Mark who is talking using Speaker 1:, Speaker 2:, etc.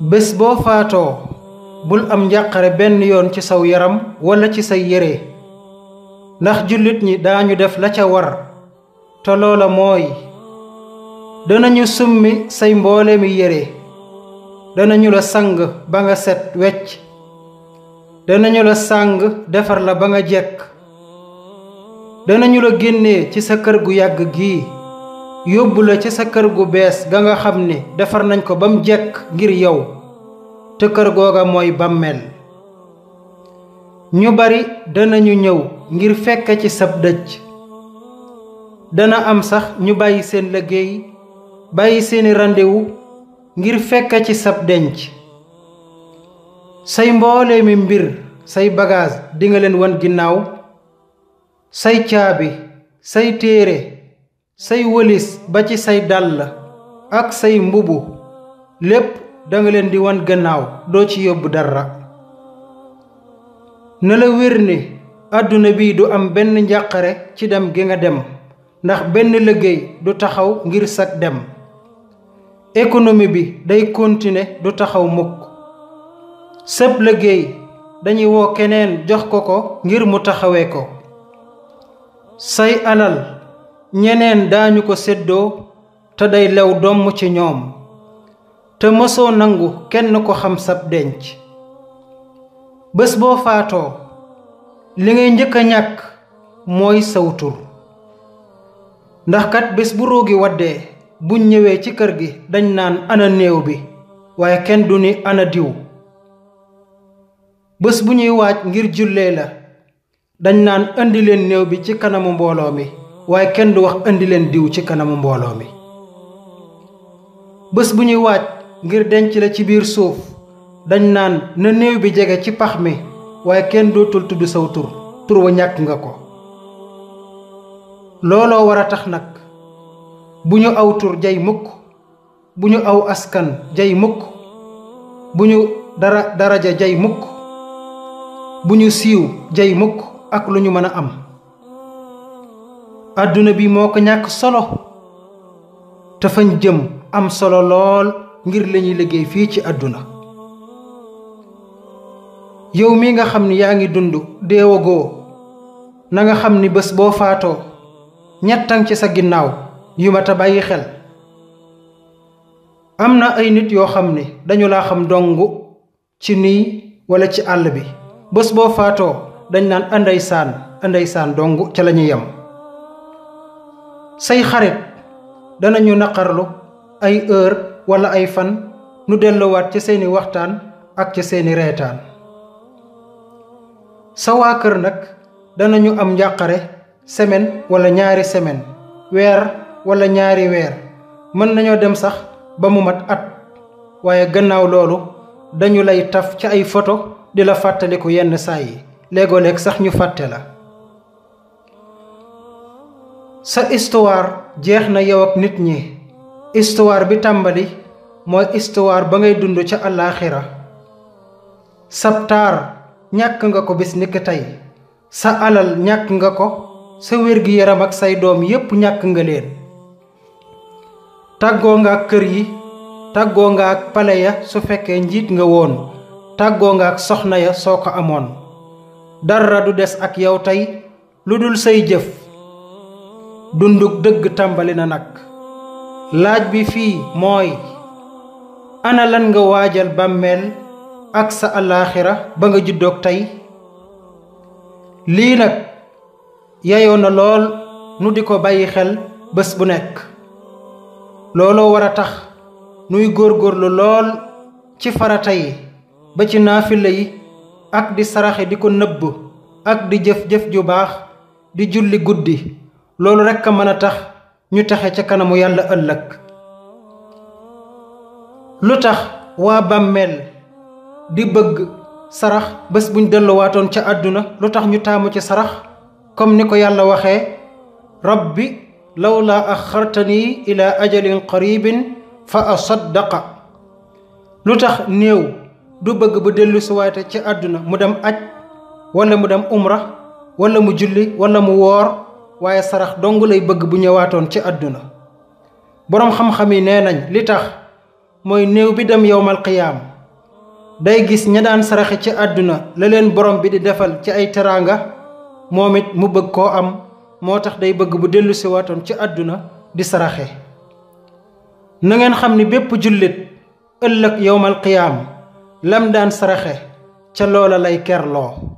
Speaker 1: bés boo faatoo bul am njàqare benn yoon ci saw yaram walla ci say yére ndax jullit ñi daañu def la ca war te loola mooy danañu summi say mboole mi yére danañu la sang ba nga set wecc danañu la sàng defar la ba nga jekk danañu la génnee ci sa kër gu yàgg gii yóbbu la ca sa kër gu bees ga nga xam ne defar nañ ko ba mu jekk ngir yow te kër googa mooy bàmmeel ñu bari danañu ñëw ngir fekk ci sab dëj dana am sax ñu bàyyi seen liggéey bàyyi seeni rendez ngir fekk ci sab denc say mboole mi mbir say bagaas dinga leen wan ginnaaw say caabi say téere say wëlis ba ci say dàll la ak say mbubb lépp danga leen di wan gannaaw doo ci yóbbu dara na la wér ni àdduna bi du am benn njàqare ci dem gi nga dem ndax benn liggéey du taxaw ngir sag dem économie bi day continuer du taxaw mukk sëb liggéey dañuy woo keneen jox ko ko ngir mu taxawee ko say alal ñeneen daañu ko seddoo te day lew domm ci ñoom te mësoo nangu kenn ko xam sab denc bés boo faatoo li ngay njëkk a ñàkk mooy sawtur ndax kat bés bu ruugi waddee buñ ñëwee ci kër gi dañ naan ana néew bi waaye kenn du ni ana diw bés bu ñuy waaj ngir jullee la dañ naan indi leen néew bi ci kanamu mbooloo mi waaye kenn du wax indi leen diw ci kanamu mbooloo mi nan bu ñuy waaj ngir denc la ci biir suuf dañ naan na néew bi jege ci pax mi kenn dootul saw tur tur wa ñàkk nga ko looloo war tax nag aw tur mukk aw askan jay mukk dara daraja jay mukk bu ñu siiw jay mukk ak am àdduna bi moo ko ñàkk solo te fañ jëm am solo lool ngir lañuy liggéey fii ci àdduna yow mi nga xam ni yaa ngi dund deewagoo na nanga xam ni bés boo faatoo ñettan ci sa ginnaaw yu mat a bàyyi xel am na ay nit yoo xam ni dañu laa xam dong ci nii wala ci àll bi bés boo faatoo dañ naan anday saan anday saan dong ca la ñu yem say xarit danañu naqarlu ay heure wala ay fan nu delluwaat ci seeni waxtaan ak ci seeni reetaan sa waa kër nag danañu am njàqare semaine walla ñaari semaine weer wala ñaari weer mën nañoo dem sax ba mu mat at waaye gannaaw loolu dañu lay taf ci ay photo di la fàttaliku yenn saa yi léegoo léeg sax ñu fàtte la sa histoire jeex na yow ak nit ñi histoire bi dundocha mooy histoire ba ngay dund ca alaxira ñàkk nga ko bis nikk tey sa alal ñàkk nga ko sa wérgi yaram ak say doom yépp ñàkk nga leen tàggoo nga ak kër yi tàggoo nga ak pale ya su fekkee njiit nga woon tàggoo nga ak soxna ya soo ko amoon dara du des ak yow tey lu dul say jëf dunduk dëgg tàmbali na nag laaj bi fii mooy analan nga waajal bàmmeel ak sa alaaxira ba nga juddoog tey lii nag yayoo na lool nu di ko bàyyi xel bés bu nekk looloo war a tax nuy góor góorlu lool ci farata yi ba ci naafila yi ak di saraxe di ko nëbb ak di jëf-jëf ju baax di julli guddi loolu rek ka mën a tax ñu taxe ca kanamu yàlla ëllëg lu tax waa bàmmeel di bëgg sarax bés buñ delluwaatoon ca àdduna lu tax ñu taamu ci sarax comme ni ko yàlla waxee rabbi laa axartani ila ajalin qaribin fa asaddaqa lu tax néew du bëgg bu dellu ci àdduna mu dem aj wala mu dem umra wala mu julli wala mu woor waaye sarax dong lay bëgg bu ñëwaatoon ci àdduna boroom xam-xam yi nee nañ li tax mooy néew bi dem yowmal qiyaam day gis ña daan saraxe ci àdduna la leen borom bi di defal ci ay teraanga moom it mu bëgg koo am moo tax day bëgg bu dellu waatoon ci àdduna di saraxe na ngeen xam ni bépp jullit ëllëg yowmal qiyaam lam daan saraxe ca loola lay kerloo